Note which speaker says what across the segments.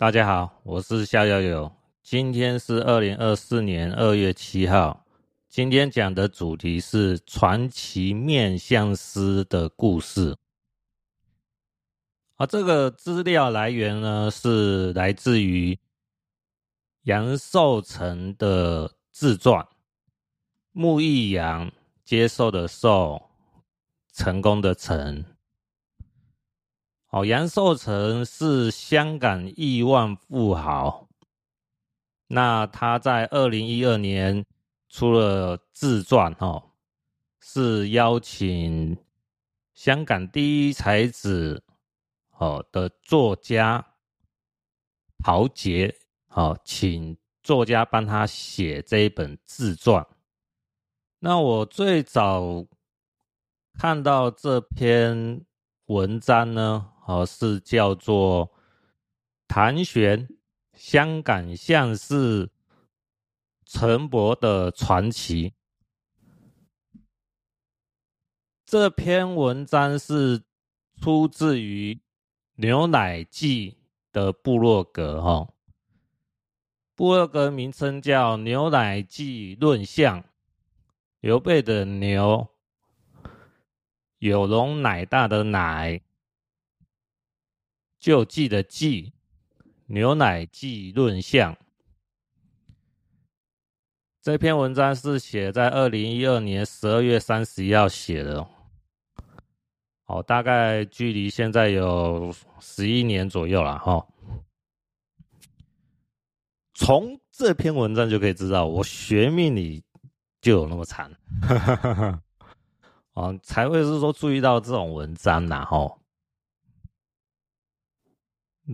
Speaker 1: 大家好，我是夏小友，友。今天是二零二四年二月七號。今天講的主題是傳奇面相師的故事。啊，這個資料來源呢，是來自於楊壽成的自傳。木易楊接受的壽，成功的成。哦，楊受成是香港億萬富豪。那他在二零一二年出了自傳，哦，是邀請香港第一才子，哦的作家陶傑，好、哦，請作家幫他寫這一本自傳。那我最早看到這篇文章呢。哦，是叫做《譚玄香港相士陳伯的傳奇》。這篇文章是出自於《牛奶記》的部落格。哦。部落格名稱叫《牛奶記論相》，劉備的牛，有容乃大的奶。就記的記，牛奶記論像。這篇文章是寫在二零一二年十二月三十一號寫的，哦，大概距離現在有十一年左右了哈。從這篇文章就可以知道，我學命理就有那麼慘，啊、 嗯，才會是說注意到這種文章啦。哈。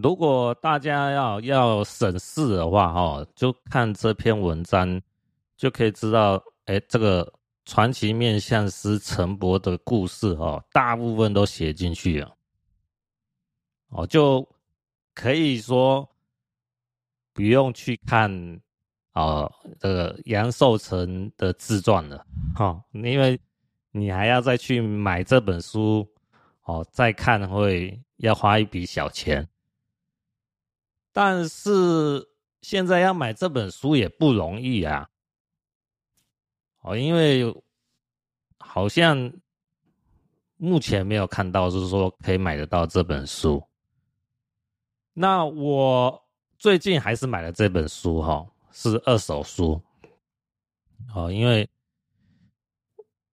Speaker 1: 如果大家要要審視的話，哦，就看這篇文章，就可以知道，哎、欸，這個傳奇面相師陳伯的故事，哦，大部分都寫進去了，哦，就可以說不用去看，哦，這個楊壽成的自傳了，哈、哦，因為你還要再去買這本書，哦，再看會要花一筆小錢。但是現在要買這本書也不容易啊。哦，因為好像目前沒有看到，就是說可以買得到這本書。那我最近還是買了這本書哈，是二手書。哦，因為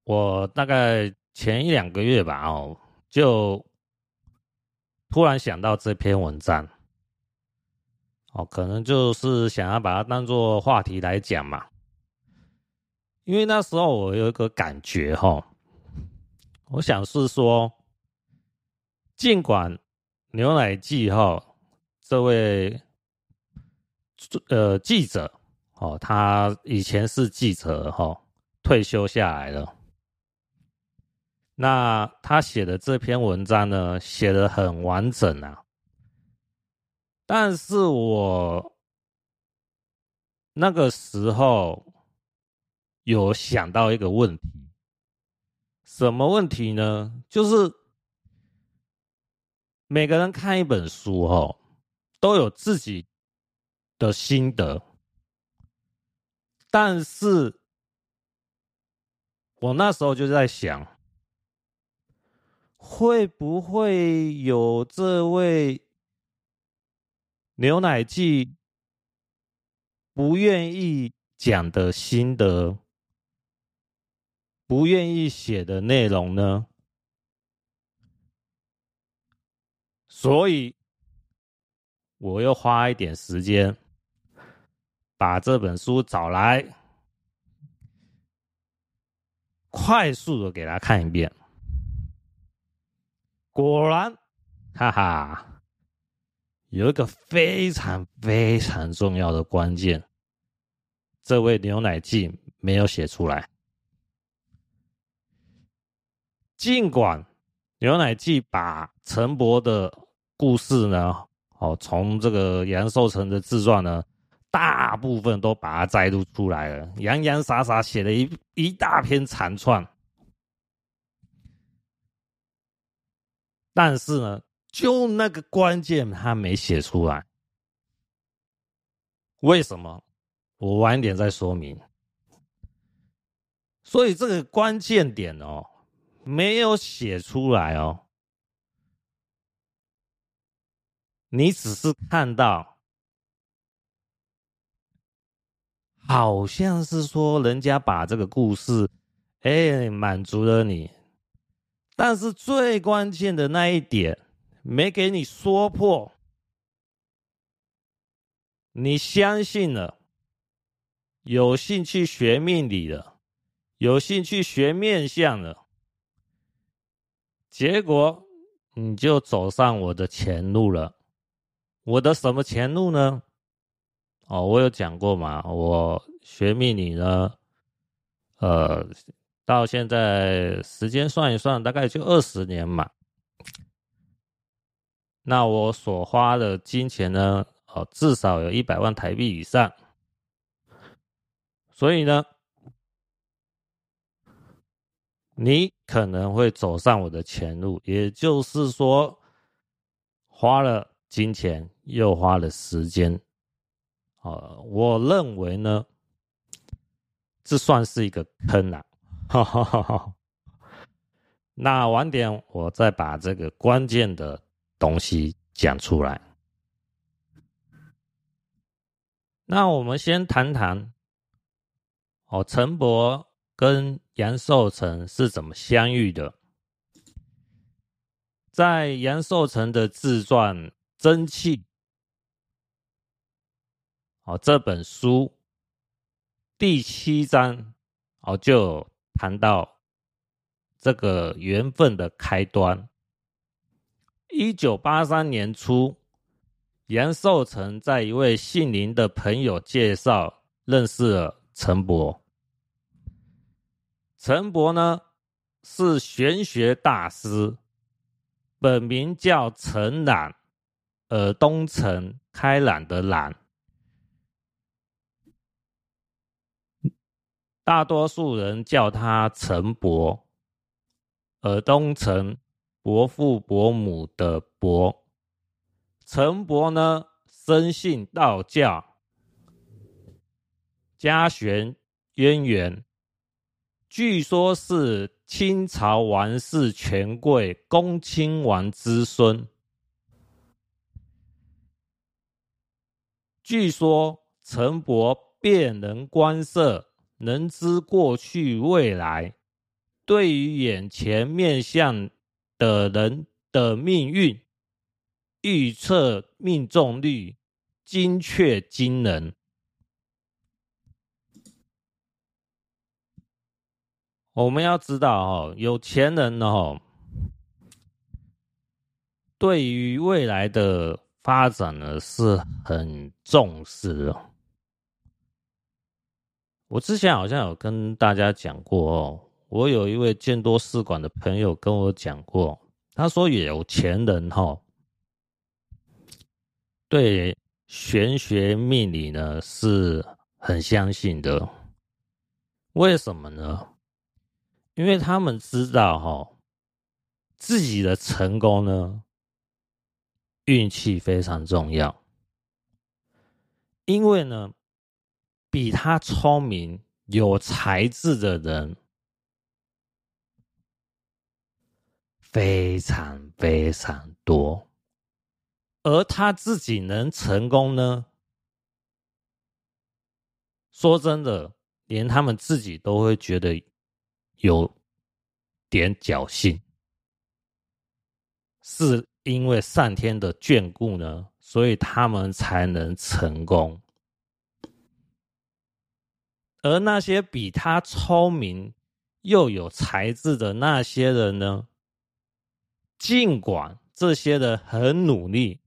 Speaker 1: 我大概前一兩個月吧，哦，就突然想到這篇文章。哦，可能就是想要把它當做話題來講嘛，因為那時候我有一個感覺哈，我想是說，儘管牛奶記哈這位呃記者哦，他以前是記者哦，退休下來了，那他寫的這篇文章呢，寫得很完整啊。但是我那個時候有想到一個問題，什麼問題呢？就是每個人看一本書哦，都有自己的心得。但是我那時候就在想，會不會有這位，牛奶記不願意講的心得，不願意寫的內容呢？所以我要花一點時間，把這本書找來，快速的給他看一遍。果然，哈哈。有一個非常非常重要的關鍵，這位牛奶記沒有寫出來。儘管牛奶記把陳伯的故事呢，哦，從這個楊受成的自傳呢，大部分都把它摘錄出來了，洋洋灑灑寫了一一大篇長串。但是呢。就那個關鍵他沒寫出來，為什麼？我晚一點再說明。所以這個關鍵點哦，沒有寫出來哦。你只是看到，好像是說人家把這個故事，哎，滿足了你，但是最關鍵的那一點。沒給你說破，你相信了，有興趣學命理了，有興趣學面相了，結果你就走上我的前路了。我的什麼前路呢？哦，我有講過嘛，我學命理呢，呃，到現在時間算一算，大概就二十年嘛。那我所花的金錢呢，哦、呃，至少有一百萬台幣以上。所以呢，你可能會走上我的前路，也就是說，花了金錢又花了時間。哦、呃，我認為呢，這算是一個坑啊！哈哈哈哈。那晚點我再把這個關鍵的。東西講出來，那我們先談談哦，陳伯跟楊壽成是怎麼相遇的？在楊壽成的自傳《爭氣》，哦這本書第七章哦就談到這個緣分的開端。一九八三年初，楊受成在一位姓林的朋友介紹認識了陳伯。陳伯呢，是玄學大師，本名叫陳朗，耳東陳，開朗的朗，大多數人叫他陳伯，耳東陳。伯父伯母的伯，陳伯呢，深信道教，家學淵源，據說是清朝王室權貴、恭親王之孫。據說陳伯辨人觀色，能知過去未來，對於眼前面相。的人的命運預測命中率精確驚人。我們要知道哦，有錢人哦，對於未來的發展呢是很重視哦。我之前好像有跟大家講過哦。我有一位見多識廣的朋友跟我講過，他說有錢人哈，對玄學命理呢是很相信的。為什麼呢？因為他們知道哈，自己的成功呢，運氣非常重要。因為呢，比他聰明有才智的人。非常非常多，而他自己能成功呢？說真的，連他們自己都會覺得有點僥倖，是因為上天的眷顧呢，所以他們才能成功。而那些比他聰明又有才智的那些人呢？儘管這些人很努力，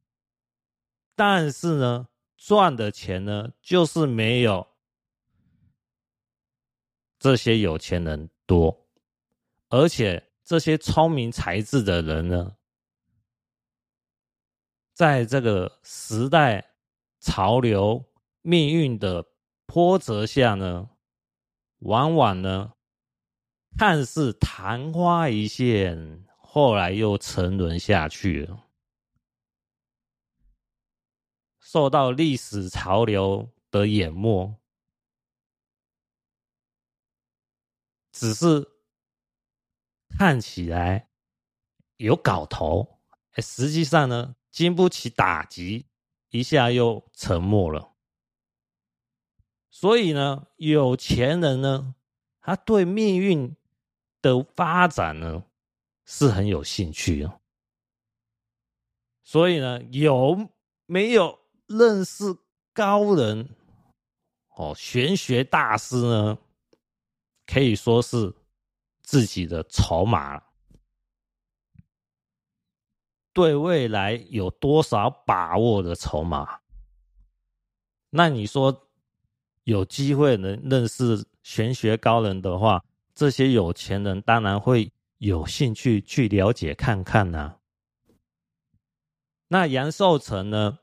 Speaker 1: 但是呢，賺的錢呢，就是沒有這些有錢人多。而且這些聰明才智的人呢，在這個時代潮流命運的波折下呢，往往呢，看似曇花一現。後來又沉淪下去了，受到歷史潮流的淹沒，只是看起來有搞頭，實際上呢，經不起打擊，一下又沉默了。所以呢，有錢人呢，他對命運的發展呢，是很有興趣哦，所以呢，有沒有認識高人哦？玄學大師呢，可以說是自己的籌碼，對未來有多少把握的籌碼？那你說有機會能認識玄學高人的話，這些有錢人當然會。有興趣去了解看看呢。那楊壽成呢，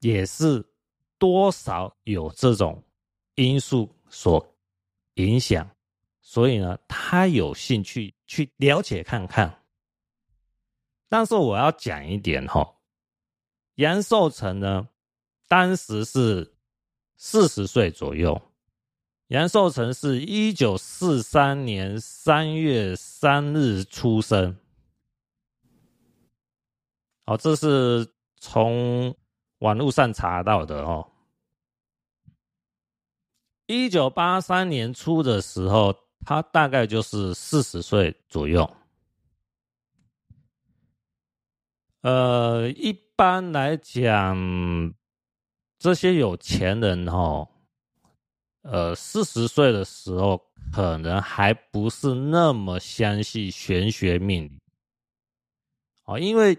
Speaker 1: 也是多少有這種因素所影響，所以呢，他有興趣去了解看看。但是我要講一點哈，楊壽成呢，當時是四十歲左右。楊受成是一九四三年三月三日出生，哦，這是從網絡上查到的哦。一九八三年初的時候，他大概就是四十歲左右。呃，一般來講，這些有錢人哦。呃，四十歲的時候，可能還不是那麼相信玄學命理。哦，因為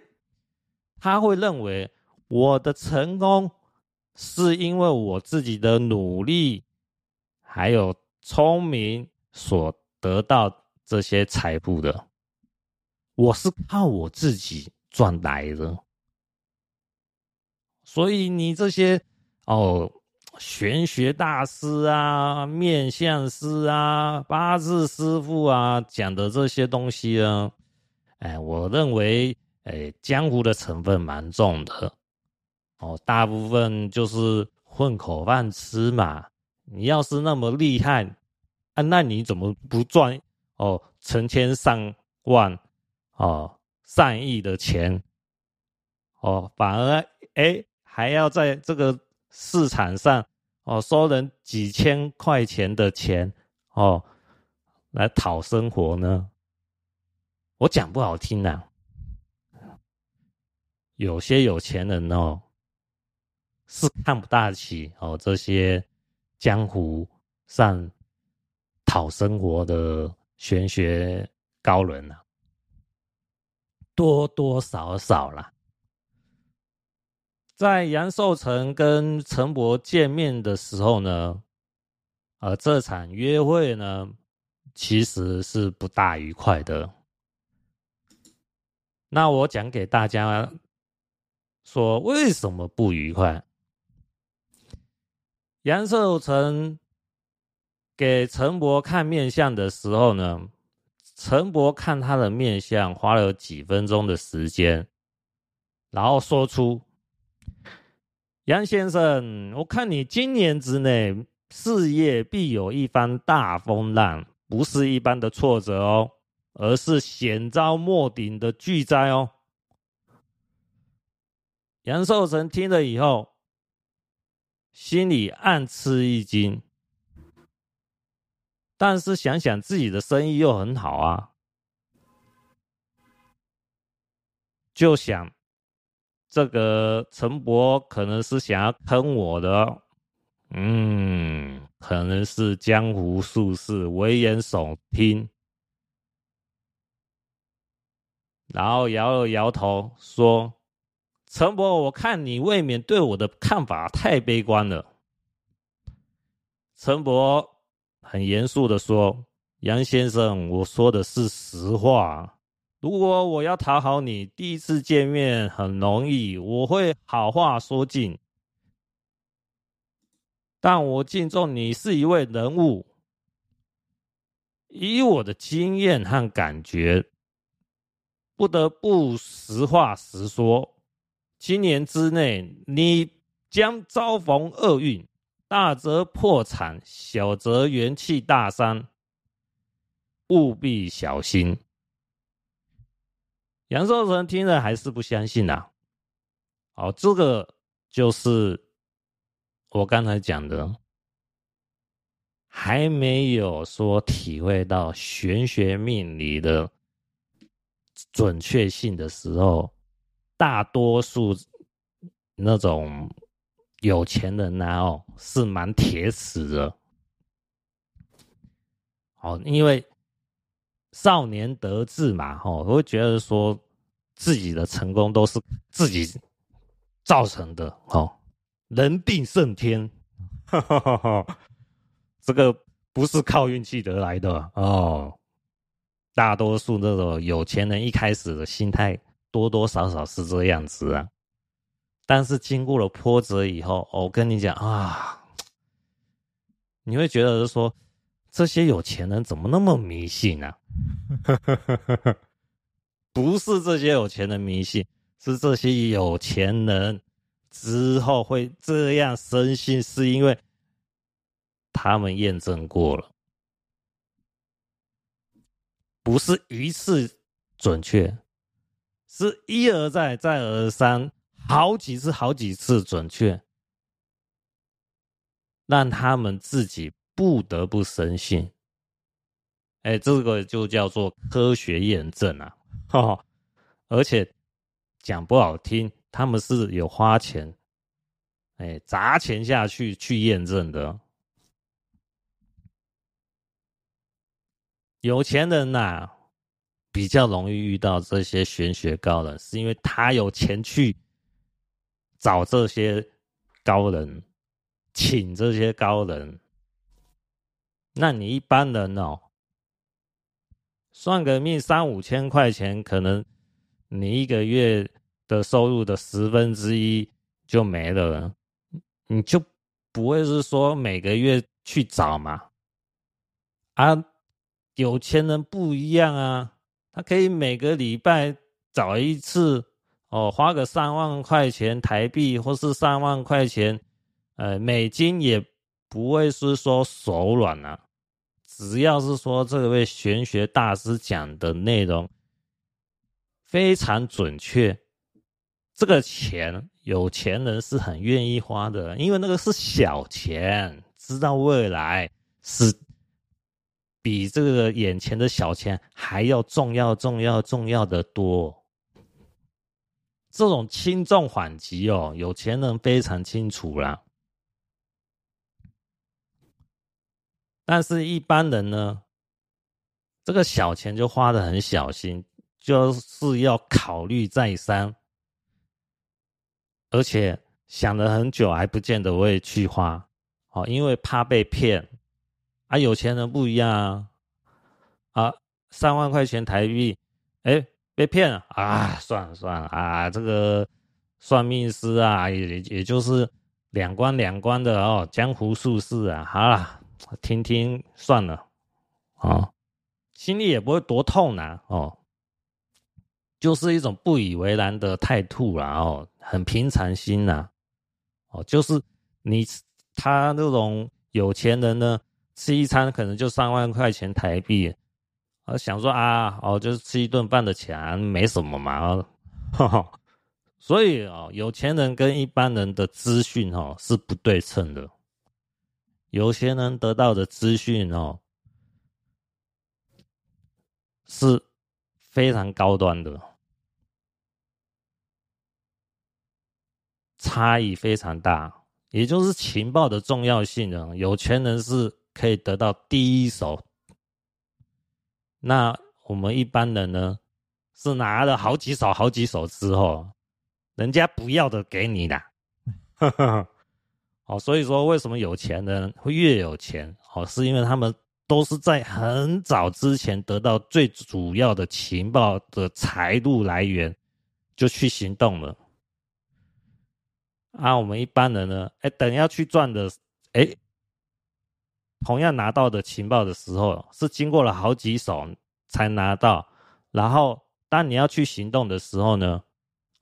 Speaker 1: 他會認為我的成功是因為我自己的努力還有聰明所得到這些財富的，我是靠我自己賺來的，所以你這些哦。玄學大師啊，面相師啊，八字師傅啊，講的這些東西啊，哎，我認為，哎，江湖的成分蠻重的。哦，大部分就是混口飯吃嘛。你要是那麼厲害，啊，那你怎麼不賺哦成千上萬哦，上億的錢？哦，反而哎還要在這個。市場上，哦，收人幾千塊錢的錢，哦，來討生活呢。我講不好聽啊。有些有錢人哦，是看不大起哦這些江湖上討生活的玄學高人啊，多多少少啦。在楊壽成跟陳伯見面的時候呢，啊、呃，這場約會呢，其實是不大愉快的。那我講給大家說為什麼不愉快？楊壽成給陳伯看面相的時候呢，陳伯看他的面相花了幾分鐘的時間，然後說出。楊先生，我看你今年之內，事業必有一番大風浪，不是一般的挫折哦，而是險遭滅頂的巨災哦。楊壽成聽了以後，心裡暗吃一驚，但是想想自己的生意又很好啊，就想。這個陳伯可能是想要坑我的，哦，嗯，可能是江湖術士危言聳聽。然後搖了搖頭說：“陳伯，我看你未免對我的看法太悲觀了。”陳伯很嚴肅的說：“楊先生，我說的是實話。”如果我要討好你，第一次見面很容易，我會好話說盡。但我敬重你是一位人物，以我的經驗和感覺，不得不實話實說，今年之內，你將遭逢厄運，大則破產，小則元氣大傷，務必小心。楊壽成聽了還是不相信吶、啊，好，這個就是我剛才講的，還沒有說體會到玄學命理的準確性的時候，大多數那種有錢人呢、啊，哦，是蠻鐵齒的，好，因為。少年得志嘛，哦，我會覺得說，自己的成功都是自己造成的哦，人定勝天，呵呵呵，這個不是靠運氣得來的哦。大多數那種有錢人一開始的心態多多少少是這樣子啊，但是經過了波折以後，哦、我跟你講啊，你會覺得說。這些有錢人怎麼那麼迷信呢、啊？不是這些有錢人迷信，是這些有錢人之後會這樣深信，是因為他們驗證過了，不是一次準確，是一而再再而而三，好幾次好幾次準確，讓他們自己。不得不深信，哎，這個就叫做科學驗證啊！呵呵，而且講不好聽，他們是有花錢，哎，砸錢下去去驗證的。有錢人吶，比較容易遇到這些玄學高人，是因為他有錢去找這些高人，請這些高人。那你一般人哦，算個命三五千塊錢，可能你一個月的收入的十分之一就沒了，你就不會是說每個月去找嘛？啊，有錢人不一樣啊，他可以每個禮拜找一次，哦，花個三萬塊錢台幣或是三萬塊錢，呃，美金也不會是說手軟啊。只要是說這位玄學大師講的內容非常準確，這個錢有錢人是很願意花的，因為那個是小錢，知道未來是比這個眼前的小錢還要重要、重要、重要的多。這種輕重緩急哦，有錢人非常清楚啦。但是，一般人呢，這個小錢就花得很小心，就是要考慮再三，而且想了很久還不見得會去花，哦，因為怕被騙，啊，有錢人不一樣啊，啊，三萬塊錢台幣，哎，被騙了啊，算了算了啊，這個算命師啊，也也就是兩關兩關的哦，江湖術士啊，好啦。聽聽算了，哦、啊，心裡也不會多痛吶、啊，哦，就是一種不以為然的態度啦、啊，哦，很平常心吶、啊，哦，就是你他那種有錢人呢，吃一餐可能就三萬塊錢台幣，啊，想說啊，哦，就是吃一頓飯的錢沒什麼嘛，呵呵，所以啊、哦，有錢人跟一般人的資訊哦，是不對稱的。有些人得到的資訊哦，是非常高端的，差異非常大。也就是情報的重要性啊、喔，有錢人是可以得到第一手，那我們一般人呢，是拿了好幾手、好幾手之後，人家不要的給你的，哈哈。哦，所以說為什麼有錢人會越有錢？哦，是因為他們都是在很早之前得到最主要的情報的財路來源，就去行動了。啊，我們一般人呢，哎，等要去賺的，哎，同樣拿到的情報的時候，是經過了好幾手才拿到，然後當你要去行動的時候呢，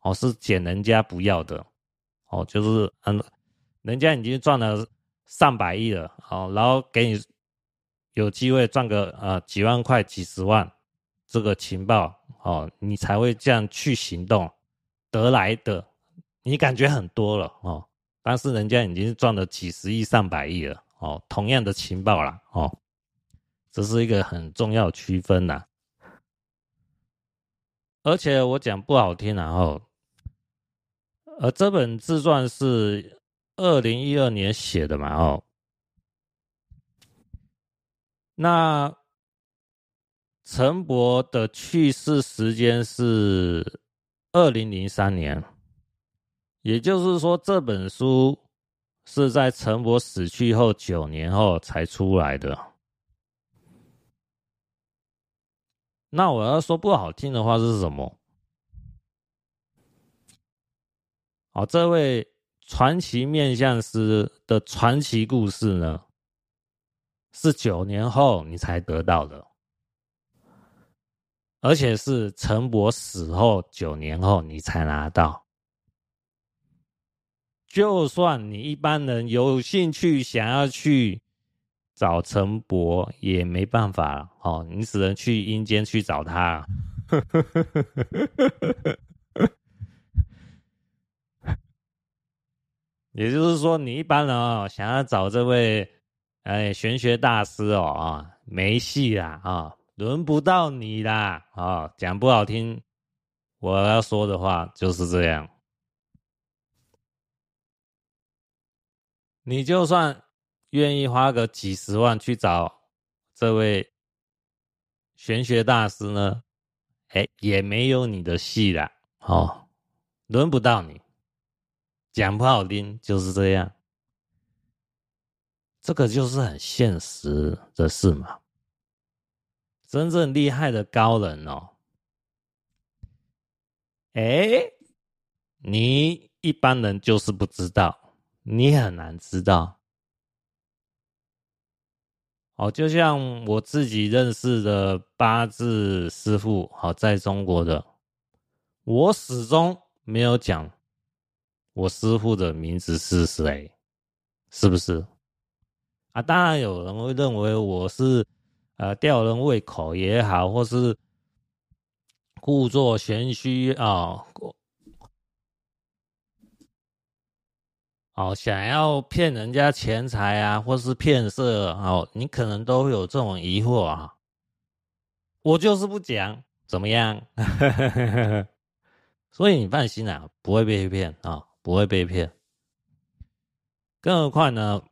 Speaker 1: 哦，是撿人家不要的，哦，就是嗯。人家已經賺了上百億了，哦，然後給你有機會賺個呃幾萬塊、幾十萬，這個情報，哦，你才會這樣去行動得來的，你感覺很多了，哦，但是人家已經賺了幾十億、上百億了，哦，同樣的情報了，哦，這是一個很重要區分啦。而且我講不好聽，啊，然後，哦，而這本自傳是。二零一二年寫的嘛，哦，那陳伯的去世時間是二零零三年，也就是說這本書是在陳伯死去後九年後才出來的。那我要說不好聽的話，是什麼？好，這位。傳奇面相師的傳奇故事呢，是九年後你才得到的，而且是陳伯死後九年後你才拿到。就算你一般人有興趣想要去找陳伯，也沒辦法哦，你只能去陰間去找他啊。 也就是說，你一般人啊、哦，想要找這位哎，玄學大師哦，沒戲啦啊，哦，輪不到你啦啊，哦，講不好聽，我要說的話就是這樣。你就算願意花個幾十萬去找這位玄學大師呢，哎，也沒有你的戲啦，哦，輪不到你。講不好聽就是這樣，這個就是很現實的事嘛。真正厲害的高人哦，誒，你一般人就是不知道，你很難知道。哦，就像我自己認識的八字師傅，好，在中國的，我始終沒有講。我師父的名字是誰？是不是？啊，當然有人會認為我是呃吊人胃口也好，或是故作玄虛啊，哦，哦，想要騙人家錢財啊，或是騙色哦，你可能都會有這種疑惑啊。我就是不講，怎麼樣？ 所以你放心啊，不會被騙啊。哦不會被騙，更何況呢，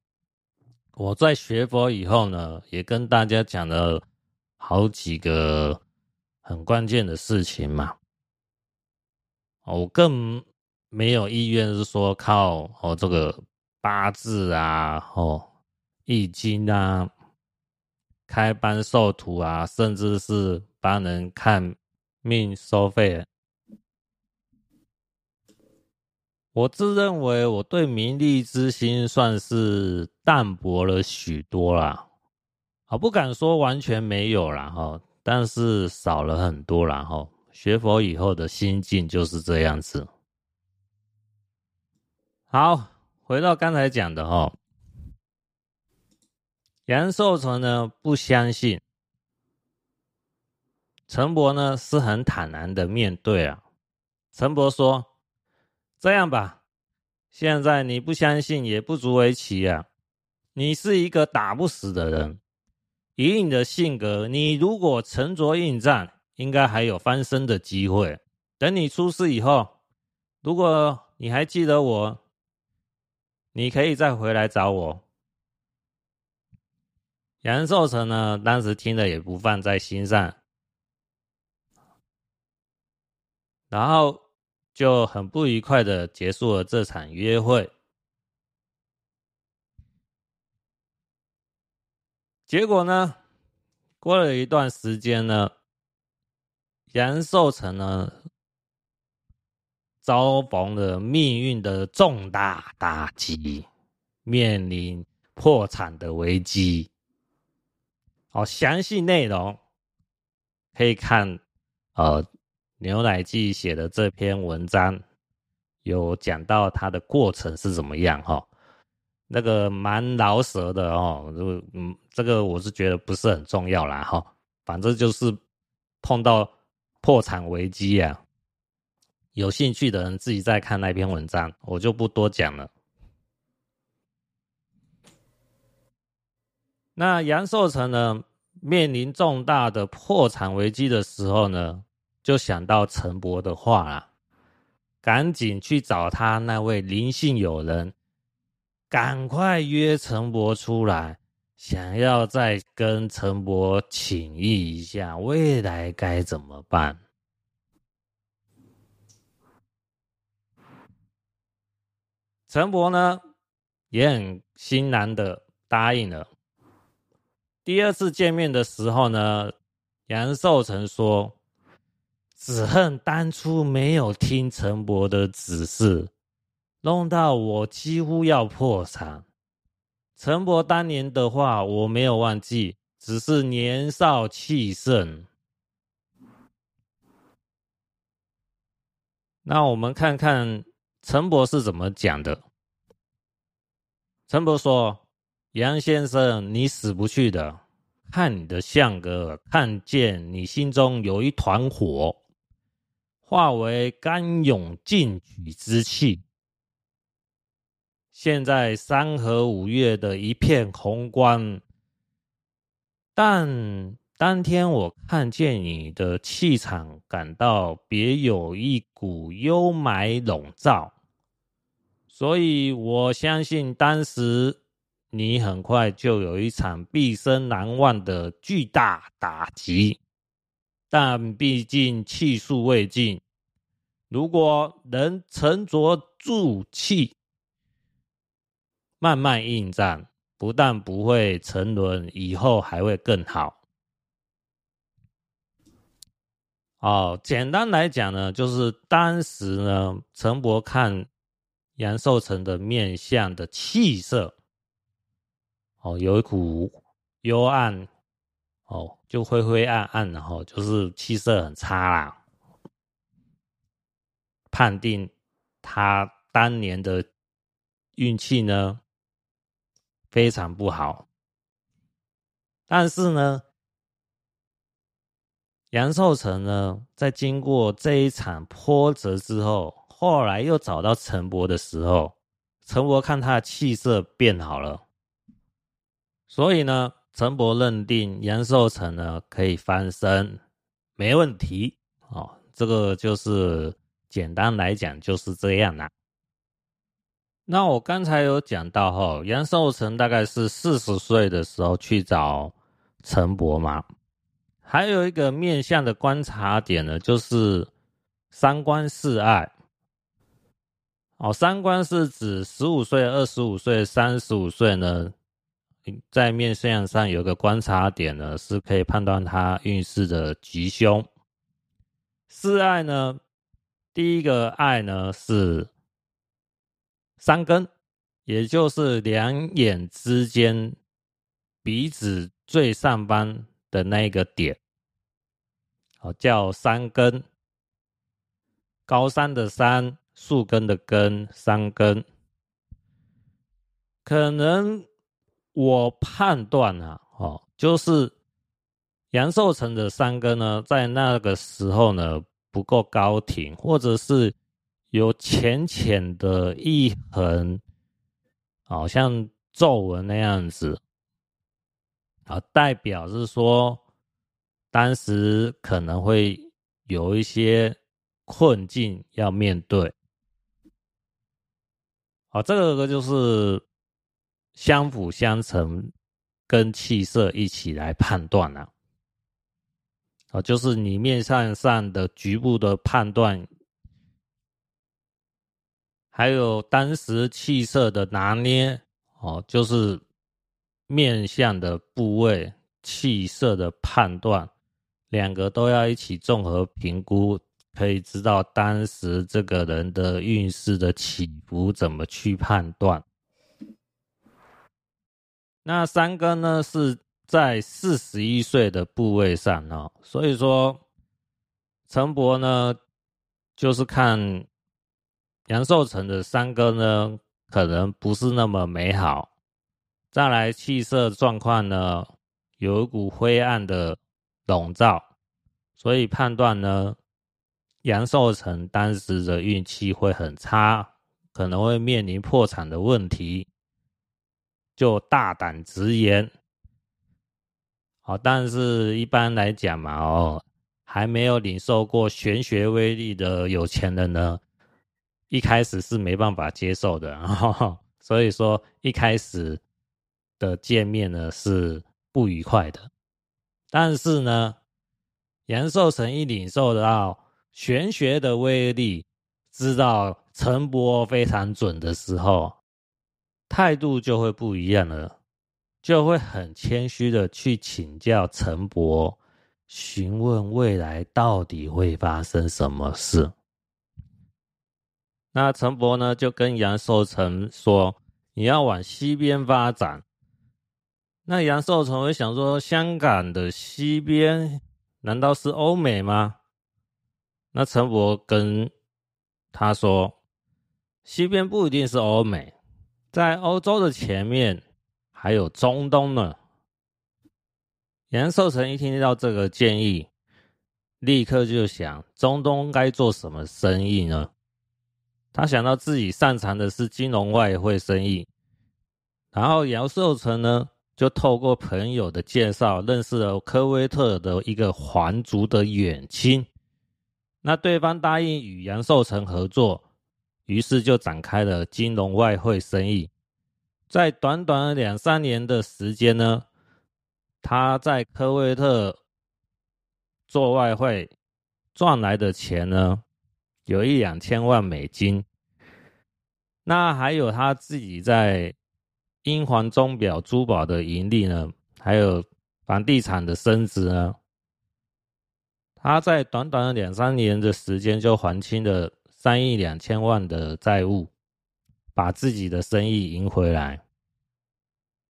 Speaker 1: 我在學佛以後呢，也跟大家講了好幾個很關鍵的事情嘛。哦，我更沒有意願是說靠哦這個八字啊，哦，易經啊，開班授徒啊，甚至是幫人看命收費我自認為我對名利之心算是淡薄了許多啦，啊，不敢說完全沒有啦，哈，但是少了很多然後，學佛以後的心境就是這樣子。好，回到剛才講的哈，楊壽成呢不相信，陳伯呢是很坦然的面對啊，陳伯說。這樣吧，現在你不相信也不足為奇啊，你是一個打不死的人，以你的性格，你如果沉着應戰，應該還有翻身的機會。等你出事以後，如果你還記得我，你可以再回來找我。楊壽成呢，當時聽了也不放在心上，然後。就很不愉快的結束了這場約會。結果呢？過了一段時間呢，楊受成呢遭逢了命運的重大打擊，面臨破產的危機。好，詳細內容可以看呃。牛奶季寫的這篇文章，有講到他的過程是怎麼樣哈、哦，那個蠻勞舌的哦，這個我是覺得不是很重要啦哈、哦，反正就是碰到破產危機啊，有興趣的人自己再看那篇文章，我就不多講了。那楊受成呢，面臨重大的破產危機的時候呢，就想到陳伯的話啦，啊，趕緊去找他那位林姓友人，趕快約陳伯出來，想要再跟陳伯請益一下未來該怎麼辦。陳伯呢也很欣然的答應了。第二次見面的時候呢，楊壽成說。只恨當初沒有聽陳伯的指示，弄到我幾乎要破產。陳伯當年的話我沒有忘記，只是年少氣盛。那我們看看陳伯是怎麼講的。陳伯說：“楊先生，你死不去的，看你的相格，看見你心中有一團火。”化為剛勇進取之氣。現在三和五嶽的一片紅光，但當天我看見你的氣場，感到別有一股幽霾籠罩，所以我相信當時你很快就有一場畢生難忘的巨大打擊。但畢竟氣數未盡，如果能沉着住氣，慢慢應戰，不但不會沉淪，以後還會更好。哦，簡單來講呢，就是當時呢，陳伯看楊壽成的面相的氣色，哦，有一股幽暗。哦，就灰灰暗暗，哦，然後就是氣色很差啦。判定他當年的運氣呢，非常不好，但是呢，楊壽成呢在經過這一場波折之後，後來又找到陳伯的時候，陳伯看他的氣色變好了，所以呢。陳伯認定楊受成呢可以翻身，沒問題哦。這個就是簡單來講就是這樣啦，啊。那我剛才有講到哈，哦，楊受成大概是四十歲的時候去找陳伯嘛。還有一個面向的觀察點呢，就是三觀四愛。哦，三觀是指十五歲、二十五歲、三十五歲呢。在面相上有個觀察點呢，是可以判斷他運勢的吉凶。四愛呢，第一個愛呢是山根，也就是兩眼之間、鼻子最上方的那個點，哦、叫山根，高山的山，樹根的根，山根，可能。我判斷啊，哦，就是楊壽成的山根呢，在那個時候呢不夠高挺，或者是有淺淺的一橫，好、哦、像皺紋那樣子，啊，代表是說，當時可能會有一些困境要面對，啊、哦，這個就是。相輔相成，跟氣色一起來判斷啊。哦，就是你面相上的局部的判斷，還有當時氣色的拿捏，哦，就是面相的部位、氣色的判斷，兩個都要一起綜合評估，可以知道當時這個人的運勢的起伏怎麼去判斷。那山根呢，是在四十一歲的部位上哦，所以說，陳伯呢，就是看楊受成的山根呢，可能不是那麼美好。再來氣色狀況呢，有一股灰暗的籠罩，所以判斷呢，楊受成當時的運氣會很差，可能會面臨破產的問題。就大膽直言，好，哦，但是一般來講嘛，哦，還沒有領受過玄學威力的有錢人呢，一開始是沒辦法接受的，哦，所以說一開始的見面呢，是不愉快的。但是呢，楊受成一領受得到玄學的威力，知道陳伯非常準的時候，態度就會不一樣了，就會很謙虛的去請教陳伯，詢問未來到底會發生什麼事。那陳伯呢，就跟楊受成說：“你要往西邊發展。”那楊受成會想說：“香港的西邊難道是歐美嗎？”那陳伯跟他說：“西邊不一定是歐美。”在歐洲的前面還有中東呢。楊壽成一聽到這個建議，立刻就想：中東該做什麼生意呢？他想到自己擅長的是金融外匯生意，然後楊壽成呢就透過朋友的介紹，認識了科威特的一個皇族的遠親，那對方答應與楊壽成合作。於是就展開了金融外匯生意，在短短兩三年的時間呢，他在科威特做外匯賺來的錢呢，有一兩千萬美金，那還有他自己在英皇鐘表珠寶的盈利呢，還有房地產的升值呢，他在短短兩三年的時間就還清了。三億兩千萬的債務，把自己的生意贏回來。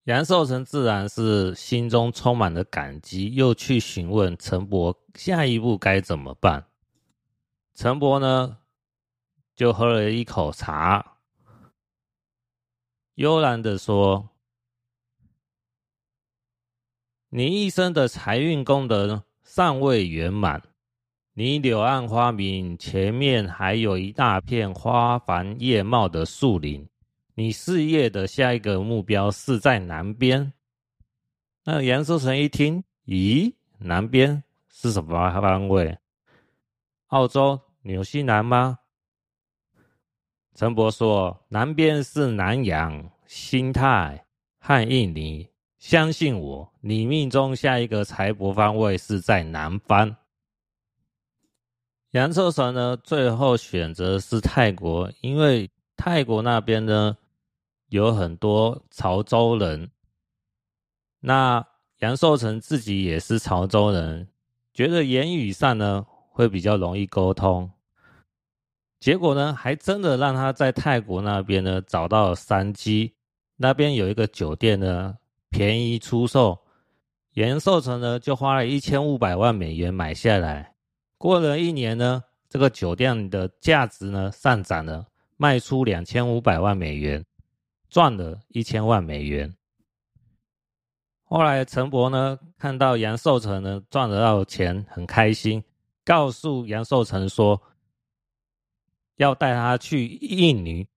Speaker 1: 楊壽成自然是心中充滿了感激，又去詢問陳伯下一步該怎麼辦。陳伯呢，就喝了一口茶，悠然地說：“你一生的財運功德尚未圓滿。”你柳暗花明，前面還有一大片花繁葉茂的樹林。你事業的下一個目標是在南邊。那楊秀成一聽，咦，南邊是什麼方位？澳洲紐西蘭嗎？陳伯說，南邊是南洋、新泰和印尼。相信我，你命中下一個財帛方位是在南方。楊壽成呢，最後選擇是泰國，因為泰國那邊呢，有很多潮州人，那楊壽成自己也是潮州人，覺得言語上呢會比較容易溝通。結果呢，還真的讓他在泰國那邊呢找到商機，那邊有一個酒店呢便宜出售，楊壽成呢就花了一千五百萬美元買下來。過了一年呢，這個酒店的價值呢上漲了，賣出兩千五百萬美元，賺了一千萬美元。後來陳伯呢看到楊壽成呢賺得到錢很開心，告訴楊壽成說要帶他去印尼，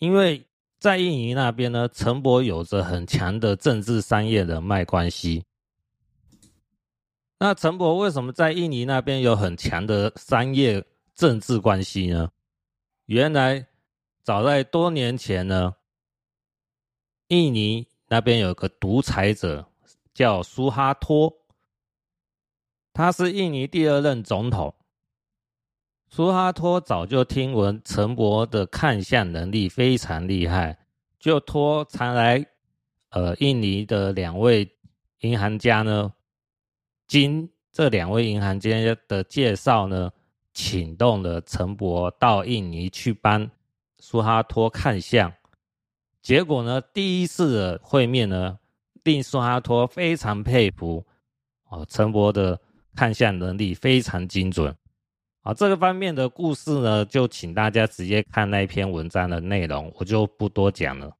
Speaker 1: 因為在印尼那邊呢，陳伯有着很強的政治商業人脈關係。那陳伯為什麼在印尼那邊有很強的商業政治關係呢？原來早在多年前呢，印尼那邊有個獨裁者叫蘇哈托，他是印尼第二任總統。蘇哈托早就聽聞陳伯的看相能力非常厲害，就托常來，呃，印尼的兩位銀行家呢。經這兩位銀行間的介紹呢，請動了陳伯到印尼去幫蘇哈托看相，結果呢，第一次的會面呢，令蘇哈托非常佩服，哦，陳伯的看相能力非常精準，啊，這個方面的故事呢，就請大家直接看那篇文章的內容，我就不多講了。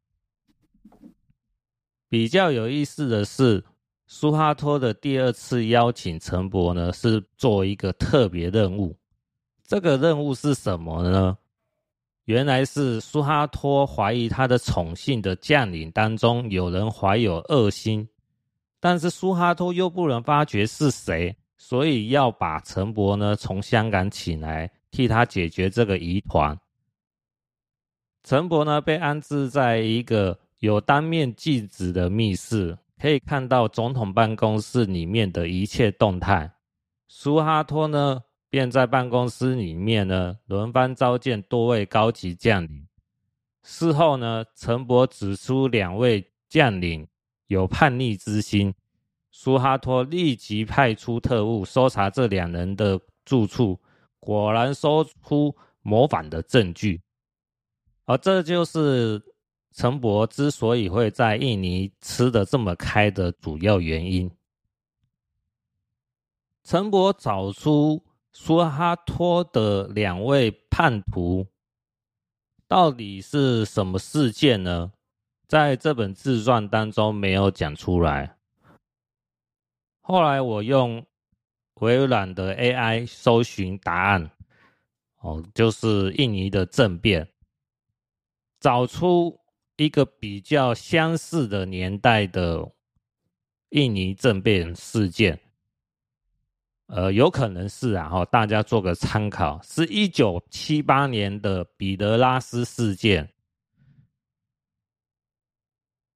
Speaker 1: 比較有意思的是。蘇哈托的第二次邀請陳伯呢，是做一個特別任務。這個任務是什麼呢？原來是蘇哈托懷疑他的寵信的將領當中有人懷有惡心，但是蘇哈托又不能發覺是誰，所以要把陳伯呢從香港請來，替他解決這個疑團。陳伯呢被安置在一個有單面鏡子的密室，可以看到總統辦公室裡面的一切動態。蘇哈托呢，便在辦公室裡面呢，輪番召見多位高級將領。事後呢，陳伯指出兩位將領有叛逆之心，蘇哈托立即派出特務搜查這兩人的住處，果然搜出謀反的證據。而、啊、這就是。陳伯之所以會在印尼吃得這麼開的主要原因，陳伯找出蘇哈托的兩位叛徒，到底是什麼事件呢？在這本自傳當中沒有講出來。後來我用微軟的 AI 搜尋答案，哦，就是印尼的政變，找出。一個比較相似的年代的印尼政變事件，呃，有可能是啊，然後大家做個參考，是一九七八年的彼得拉斯事件。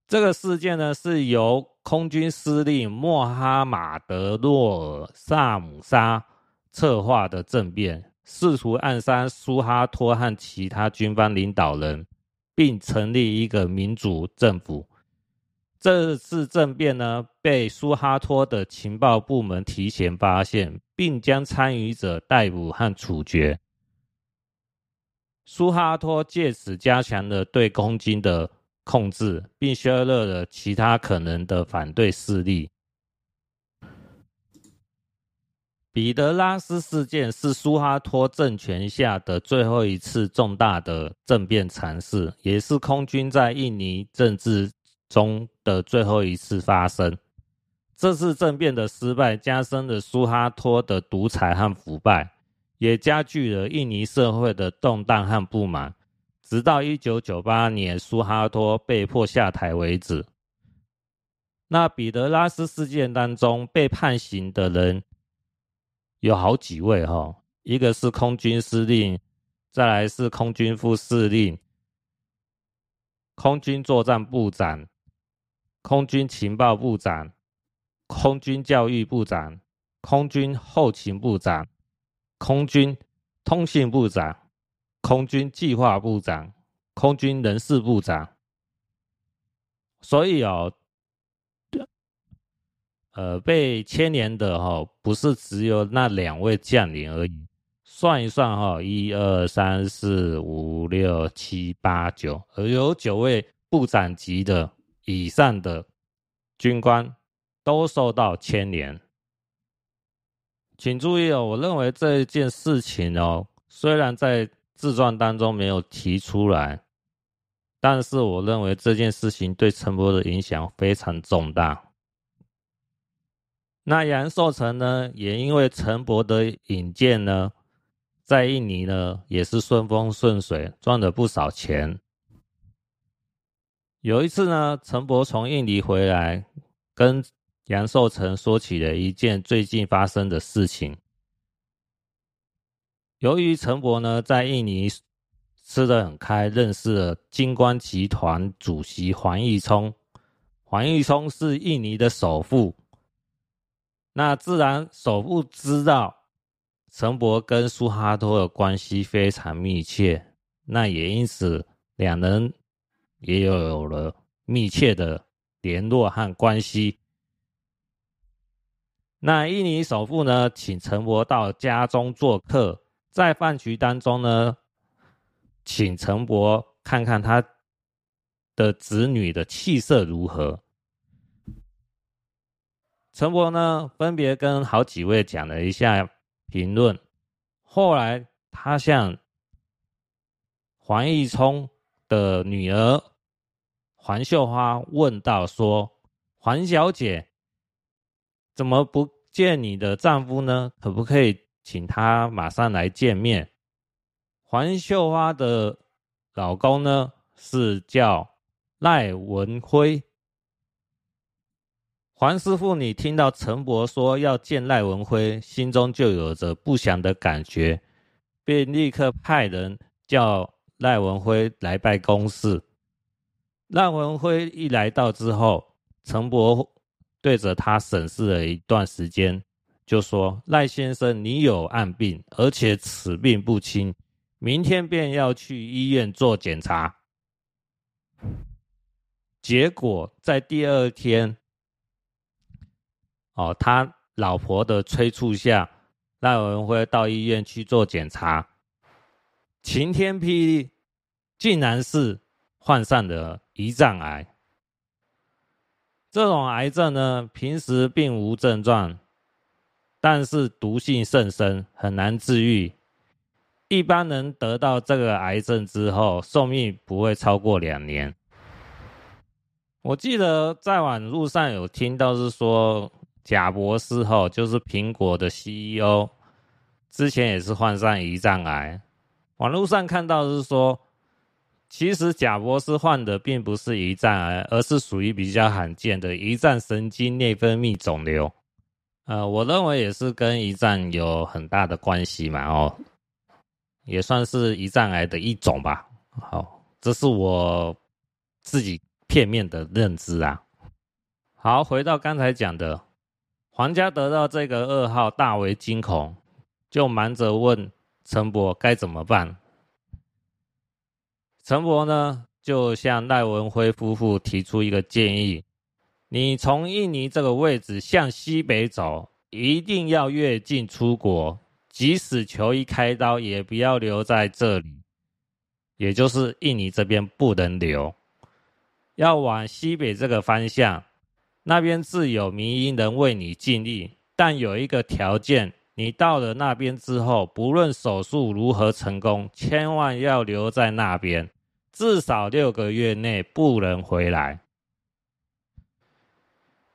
Speaker 1: 這個事件呢，是由空軍司令穆哈馬德·洛爾薩姆沙策劃的政變，試圖暗殺蘇哈托和其他軍方領導人。並成立一個民主政府。這次政變呢，被蘇哈托的情報部門提前發現，並將參與者逮捕和處決。蘇哈托借此加強了對空軍的控制，並削弱了其他可能的反對勢力。彼得拉斯事件是蘇哈托政權下的最後一次重大的政變嘗試，也是空軍在印尼政治中的最後一次發生。這次政變的失敗加深了蘇哈托的獨裁和腐敗，也加劇了印尼社會的動盪和不滿，直到一九九八年蘇哈托被迫下台為止。那彼得拉斯事件當中被判刑的人。有好幾位哈、哦，一個是空軍司令，再來是空軍副司令，空軍作戰部長，空軍情報部長，空軍教育部長，空軍後勤部長，空軍通信部長，空軍計劃部長，空軍人事部長，所以哦。呃，被牽連的哦，不是只有那兩位將領而已。算一算哈、哦，一二三四五六七八九，有九位部長級的以上的軍官都受到牽連。請注意哦，我認為這件事情哦，雖然在自傳當中沒有提出來，但是我認為這件事情對陳波的影響非常重大。那楊壽成呢，也因為陳伯的引薦呢，在印尼呢也是順風順水，賺了不少錢。有一次呢，陳伯從印尼回來，跟楊壽成說起了一件最近發生的事情。由於陳伯呢在印尼吃得很開，認識了金光集團主席黃奕聰，黃奕聰是印尼的首富。那自然首富知道陳伯跟蘇哈托的關係非常密切，那也因此兩人也有了密切的聯絡和關係。那印尼首富呢，請陳伯到家中做客，在飯局當中呢，請陳伯看看他的子女的氣色如何。陳伯呢，分別跟好幾位講了一下評論。後來他向黃義聰的女兒黃秀花問道說：“黃小姐，怎麼不見你的丈夫呢？可不可以請他馬上來見面？”黃秀花的老公呢，是叫賴文輝。黃師傅，你聽到陳伯說要見賴文輝，心中就有着不祥的感覺，便立刻派人叫賴文輝來辦公室。賴文輝一來到之後，陳伯對着他審視了一段時間，就說：“賴先生，你有暗病，而且此病不輕，明天便要去醫院做檢查。”結果在第二天。哦，他老婆的催促下，賴文輝到醫院去做檢查，晴天霹靂，竟然是患上了胰臟癌。這種癌症呢，平時並無症狀，但是毒性甚深，很難治癒。一般人得到這個癌症之後，壽命不會超過兩年。我記得在網路上有聽到是說。賈伯斯就是蘋果的 CEO，之前也是患上胰臟癌。網絡上看到的是說，其實賈伯斯患的並不是胰臟癌，而是屬於比較罕見的胰臟神經內分泌腫瘤。呃，我認為也是跟胰臟有很大的關係嘛哦，也算是胰臟癌的一種吧。好、哦，這是我自己片面的認知啊。好，回到剛才講的。黃家得到這個噩耗，大為驚恐，就忙著問陳伯該怎麼辦。陳伯呢，就向賴文輝夫婦提出一個建議：你從印尼這個位置向西北走，一定要越境出國，即使求醫開刀，也不要留在這裡，也就是印尼這邊不能留，要往西北這個方向。那邊自有名醫能為你盡力，但有一個條件：你到了那邊之後，不論手術如何成功，千萬要留在那邊，至少六個月內不能回來。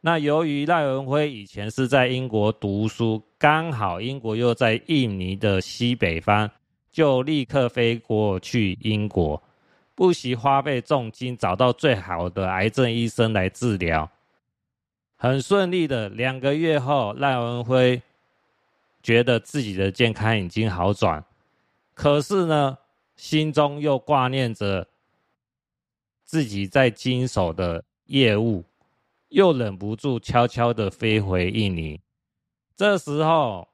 Speaker 1: 那由於賴文輝以前是在英國讀書，剛好英國又在印尼的西北方，就立刻飛過去英國，不惜花費重金找到最好的癌症醫生來治療。很順利的，兩個月後，賴文輝覺得自己的健康已經好轉，可是呢，心中又掛念着自己在經手的業務，又忍不住悄悄的飛回印尼。這時候，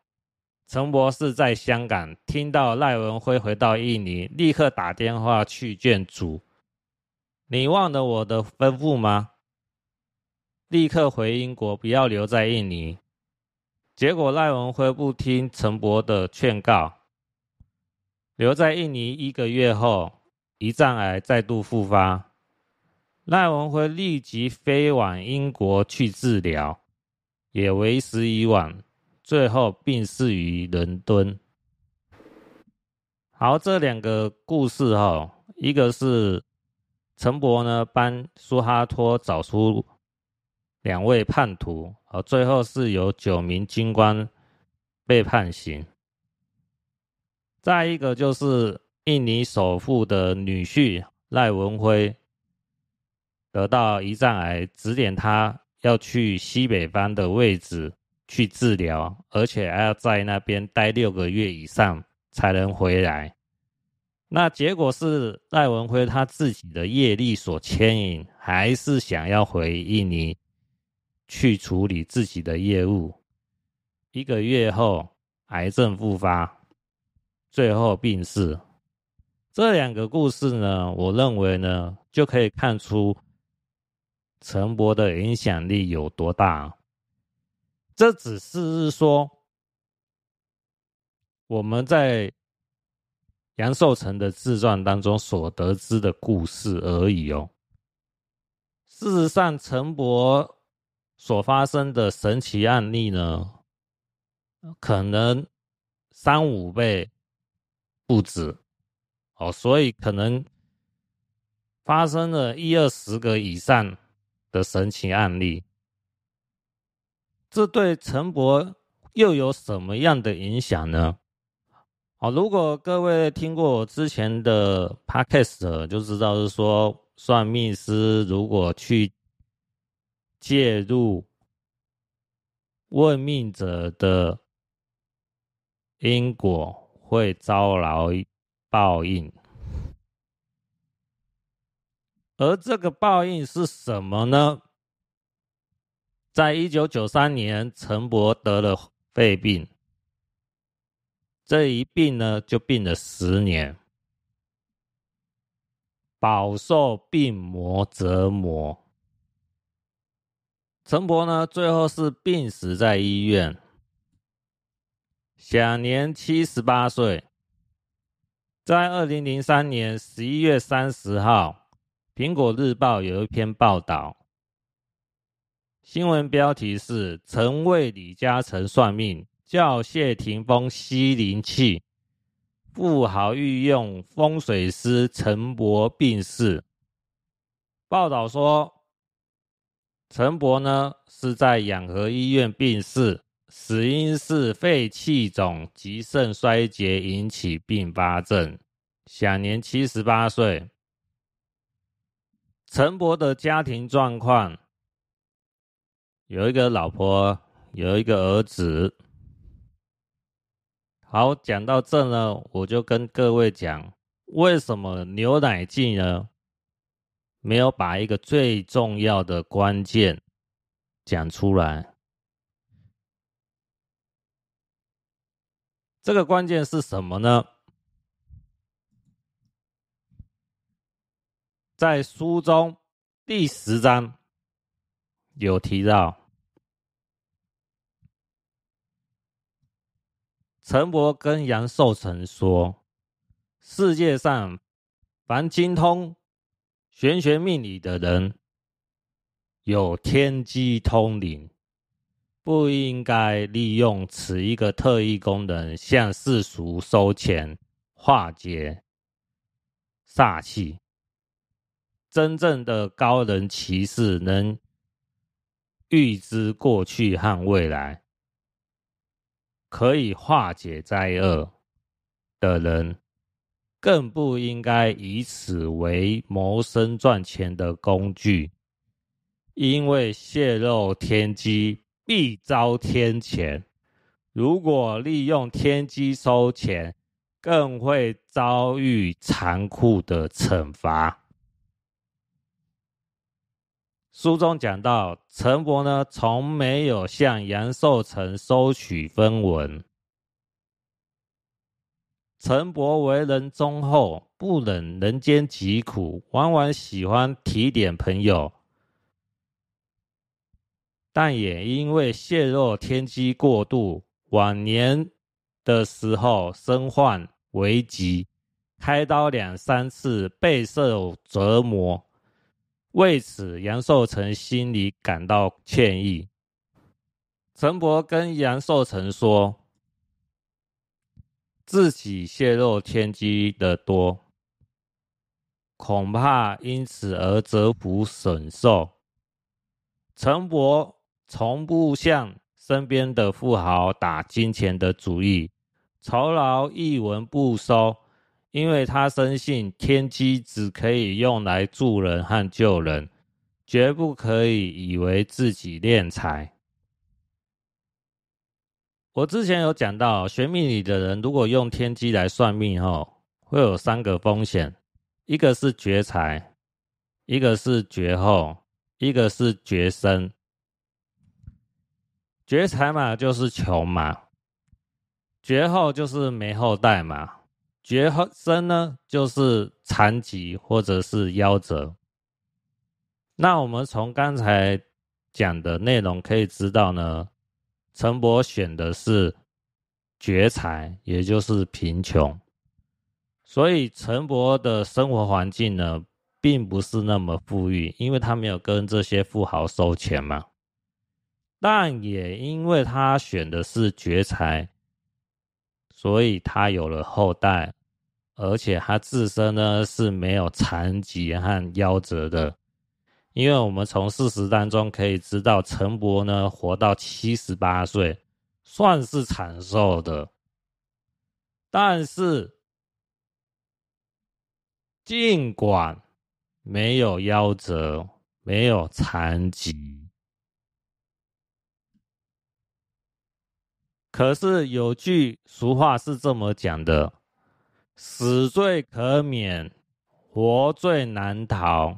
Speaker 1: 陳博士在香港聽到賴文輝回到印尼，立刻打電話去勸阻：“你忘了我的吩咐嗎？”立刻回英國，不要留在印尼。結果賴文輝不聽陳伯的勸告，留在印尼一個月後，胰臟癌再度復發。賴文輝立即飛往英國去治療，也為時已晚，最後病逝於倫敦。好，這兩個故事哦，一個是陳伯呢幫蘇哈托找出。兩位叛徒，而最後是有九名軍官被判刑。再一個就是印尼首富的女婿賴文輝，得到胰臟癌，指點他要去西北方的位置去治療，而且還要在那邊待六個月以上才能回來。那結果是賴文輝他自己的業力所牽引，還是想要回印尼，去處理自己的業務，一個月後癌症復發，最後病逝。這兩個故事呢，我認為呢，就可以看出陳伯的影響力有多大啊。這只是說我們在楊壽成的自傳當中所得知的故事而已哦。事實上，陳伯。所發生的神奇案例呢，可能三五倍不止哦，所以可能發生了一二十個以上的神奇案例，這對陳博又有什麼樣的影響呢？好、哦，如果各位聽過我之前的 podcast，就知道是說算命師如果去。介入問命者的因果會遭牢報應，而這個報應是什麼呢？在一九九三年，陳伯得了肺病，這一病呢，就病了十年，飽受病魔折磨。陳伯呢，最後是病死在醫院，享年七十八歲。在二零零三年十一月三十號，《蘋果日報》有一篇報道，新聞標題是“曾為李嘉誠算命，教謝霆鋒吸靈氣，富豪御用風水師陳伯病逝”。報道說。陳伯呢是在養和醫院病逝，死因是肺氣腫及腎衰竭引起併發症，享年七十八歲。陳伯的家庭狀況，有一個老婆，有一個兒子。好，講到這呢，我就跟各位講，為什麼牛奶劑呢？沒有把一個最重要的關鍵講出來。這個關鍵是什麼呢？在書中第十章有提到，陳伯跟楊受成說，世界上凡精通。玄學命理的人有天機通靈，不應該利用此一個特異功能向世俗收錢化解煞氣。真正的高人奇士能預知過去和未來，可以化解災厄的人。更不應該以此為謀生賺錢的工具，因為洩露天機必遭天譴。如果利用天機收錢，更會遭遇殘酷的懲罰。書中講到，陳伯呢，從沒有向楊壽成收取分文。陳伯為人忠厚，不忍人間疾苦，往往喜歡提點朋友，但也因為洩露天機過度，晚年的時候身患危疾，開刀兩三次，備受折磨。為此，楊受成心裡感到歉意。陳伯跟楊受成說。自己洩露天機的多，恐怕因此而折福損壽。陳伯從不向身邊的富豪打金錢的主意，酬勞一文不收，因為他深信天機只可以用來助人和救人，絕不可以以為自己斂財。我之前有講到，學命理的人如果用天機來算命，吼，會有三個風險，一個是絕財，一個是絕後，一個是絕身。絕財嘛，就是窮嘛；絕後就是沒後代嘛；絕後生呢，就是殘疾或者是夭折。那我們從剛才講的內容可以知道呢。陳伯選的是絕財，也就是貧窮，所以陳伯的生活環境呢，並不是那麼富裕，因為他沒有跟這些富豪收錢嘛。但也因為他選的是絕財，所以他有了後代，而且他自身呢是沒有殘疾和夭折的。因為我們從事實當中可以知道，陳伯呢活到七十八歲，算是長壽的。但是，儘管沒有夭折，沒有殘疾，可是有句俗話是這麼講的：“死罪可免，活罪難逃。”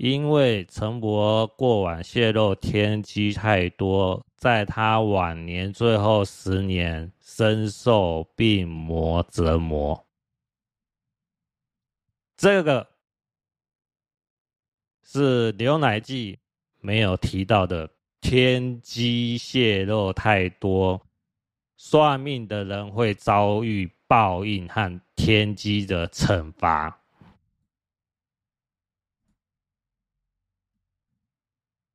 Speaker 1: 因為陳伯過往泄露天機太多，在他晚年最後十年深受病魔折磨。這個是劉乃濟沒有提到的，天機泄露太多，算命的人會遭遇報應和天機的懲罰。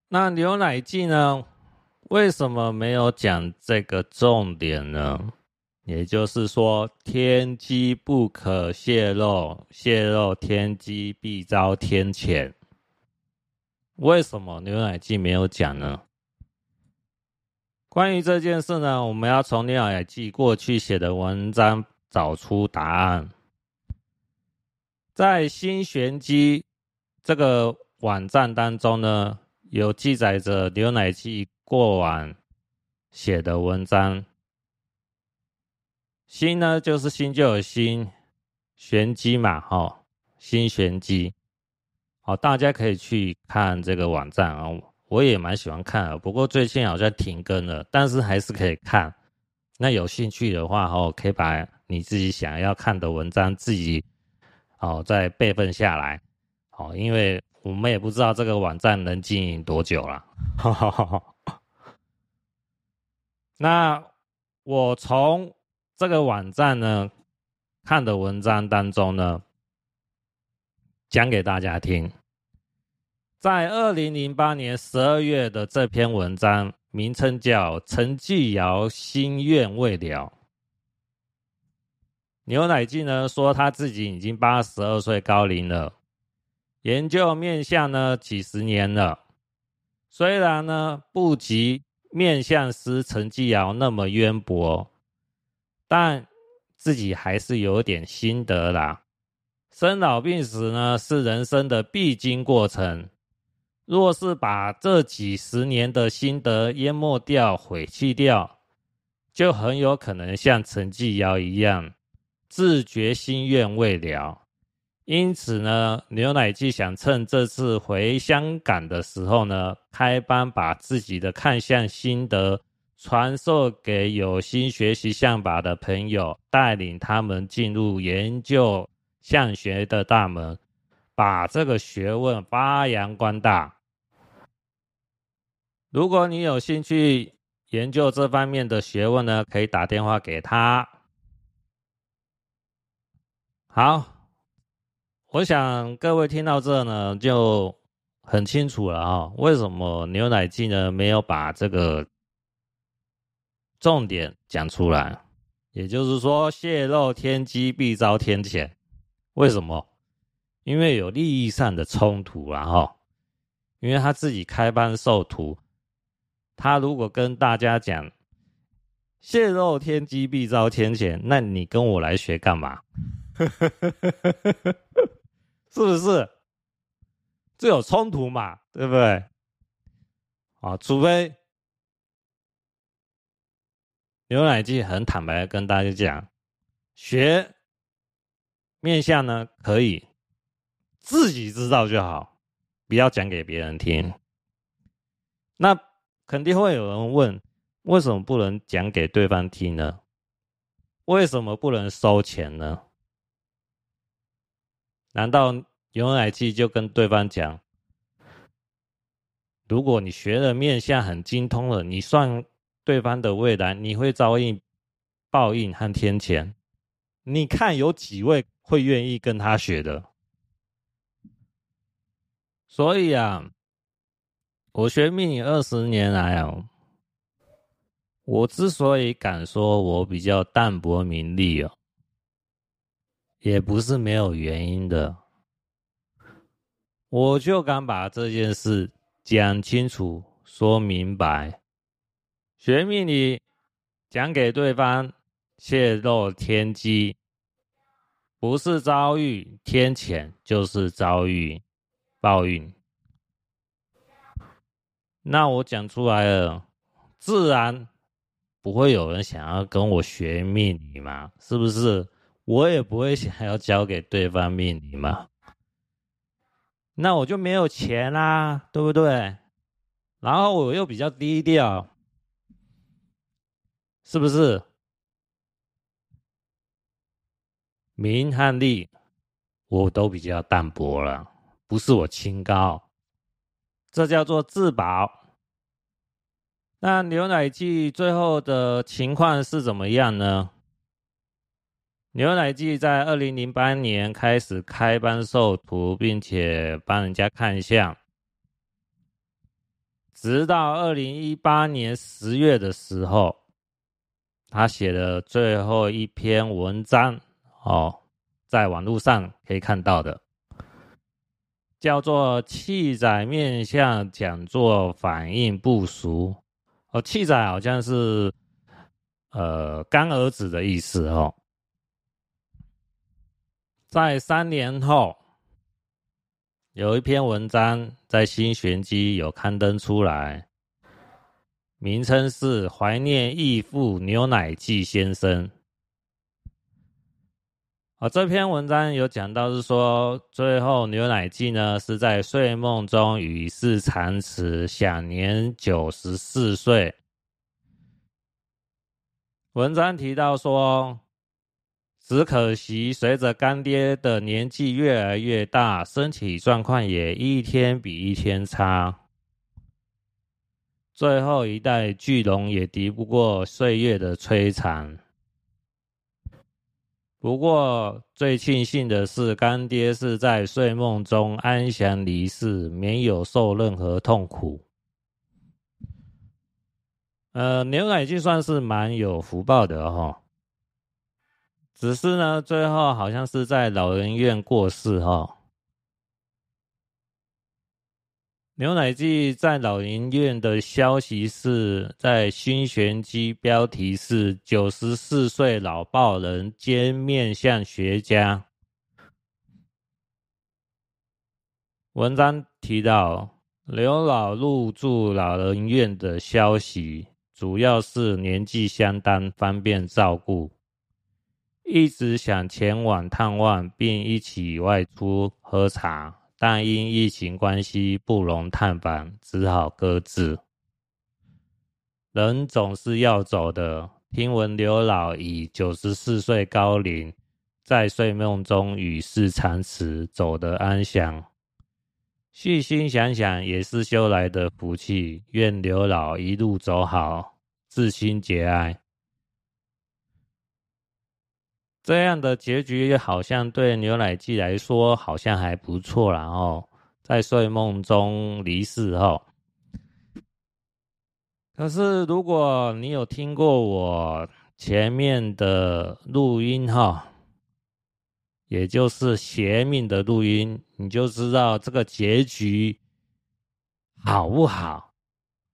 Speaker 1: 那《牛奶記》呢？為什麼沒有講這個重點呢？也就是說，天機不可洩露，洩露天機必遭天譴。為什麼《牛奶記》沒有講呢？關於這件事呢，我們要從《牛奶記》過去寫的文章找出答案。在新玄機這個網站當中呢，有記載着劉乃濟過往寫的文章，新呢就是新舊新玄機嘛，哈、哦，新玄機，好，大家可以去看這個網站啊、哦，我也蠻喜歡看，不過最近好像停更了，但是還是可以看。那有興趣的話，哦，可以把你自己想要看的文章自己哦再備份下來，好、哦，因為。我們也不知道這個網站能經營多久啦。 那我從這個網站呢看的文章當中呢，講給大家聽。在二零零八年十二月的這篇文章，名稱叫《陳繼堯心願未了》，牛奶記呢說他自己已經八十二歲高齡了。研究面相呢幾十年了，雖然呢不及面相師陳繼堯那麼淵博，但自己還是有點心得啦。生老病死呢是人生的必經過程，若是把這幾十年的心得淹沒掉、毀棄掉，就很有可能像陳繼堯一樣，自覺心願未了。因此呢，牛奶既想趁這次回香港的時候呢，開班把自己的看相心得傳授給有心學習相法的朋友，帶領他們進入研究相學的大門，把這個學問發揚光大。如果你有興趣研究這方面的學問呢，可以打電話給他。好。我想各位聽到這呢，就很清楚了啊。為什麼牛奶劑呢沒有把這個重點講出來？也就是說，洩露天機必遭天譴。為什麼？因為有利益上的衝突啊，哈。因為他自己開班授徒，他如果跟大家講洩露天機必遭天譴，那你跟我來學幹嘛？ 是不是？這有衝突嘛，對不對？啊，除非牛奶劑很坦白的跟大家講，學面相呢可以自己知道就好，不要講給別人聽。那肯定會有人問，為什麼不能講給對方聽呢？為什麼不能收錢呢？難道有乃基就跟對方講：“如果你學的面相很精通了，你算對方的未來，你會遭遇報應和天譴。”你看有幾位會願意跟他學的？所以啊，我學命理二十年來哦，我之所以敢說，我比較淡泊名利哦。也不是沒有原因的，我就敢把這件事講清楚、說明白，學命理，講給對方，洩露天機，不是遭遇天譴，就是遭遇報應。那我講出來了，自然不會有人想要跟我學命理嘛，是不是？我也不會想要交給對方命理嘛，那我就沒有錢啦、啊，對不對？然後我又比較低調，是不是？名和利，我都比較淡薄了，不是我清高，這叫做自保。那牛奶劑最後的情況是怎麼樣呢？牛奶記在二零零八年開始開班授徒，並且幫人家看相，直到二零一八年十月的時候，他寫的最後一篇文章哦，在網絡上可以看到的，叫做“契仔面相講座”，反應不俗。哦，契仔好像是呃乾兒子的意思哦。在三年後，有一篇文章在《新玄機》有刊登出來，名稱是《懷念義父牛奶季先生》。啊，這篇文章有講到是說，最後牛奶季呢是在睡夢中與世長辭，享年九十四歲。文章提到說。只可惜，隨着乾爹的年紀越來越大，身體狀況也一天比一天差。最後一代巨龍也敵不過歲月的摧殘。不過最慶幸的是，乾爹是在睡夢中安詳離世，沒有受任何痛苦。呃，牛奶就算是蠻有福報的吼。只是呢，最後好像是在老人院過世哈、哦。牛奶記在老人院的消息是在新玄機，標題是“九十四歲老報人兼面相學家”。文章提到劉老入住老人院的消息，主要是年紀相當，方便照顧。一直想前往探望，並一起外出喝茶，但因疫情關係不容探訪，只好擱置。人總是要走的。聽聞劉老以九十四歲高齡，在睡夢中與世長辭，走得安詳。細心想想，也是修來的福氣。願劉老一路走好，至親節哀。這樣的結局好像對牛奶季來說好像還不錯，然後在睡夢中離世哈。可是如果你有聽過我前面的錄音哈，也就是邪命的錄音，你就知道這個結局好不好？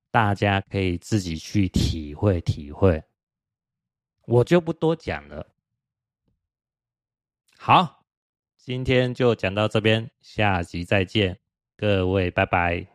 Speaker 1: 大家可以自己去體會體會，我就不多講了。好，今天就講到這邊，下集再見，各位拜拜。